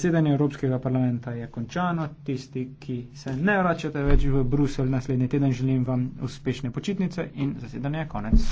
Zasedanje Evropskega parlamenta je končano. Tisti, ki se ne vračate več v Bruselj naslednji teden, želim vam uspešne počitnice in zasedanje je konec.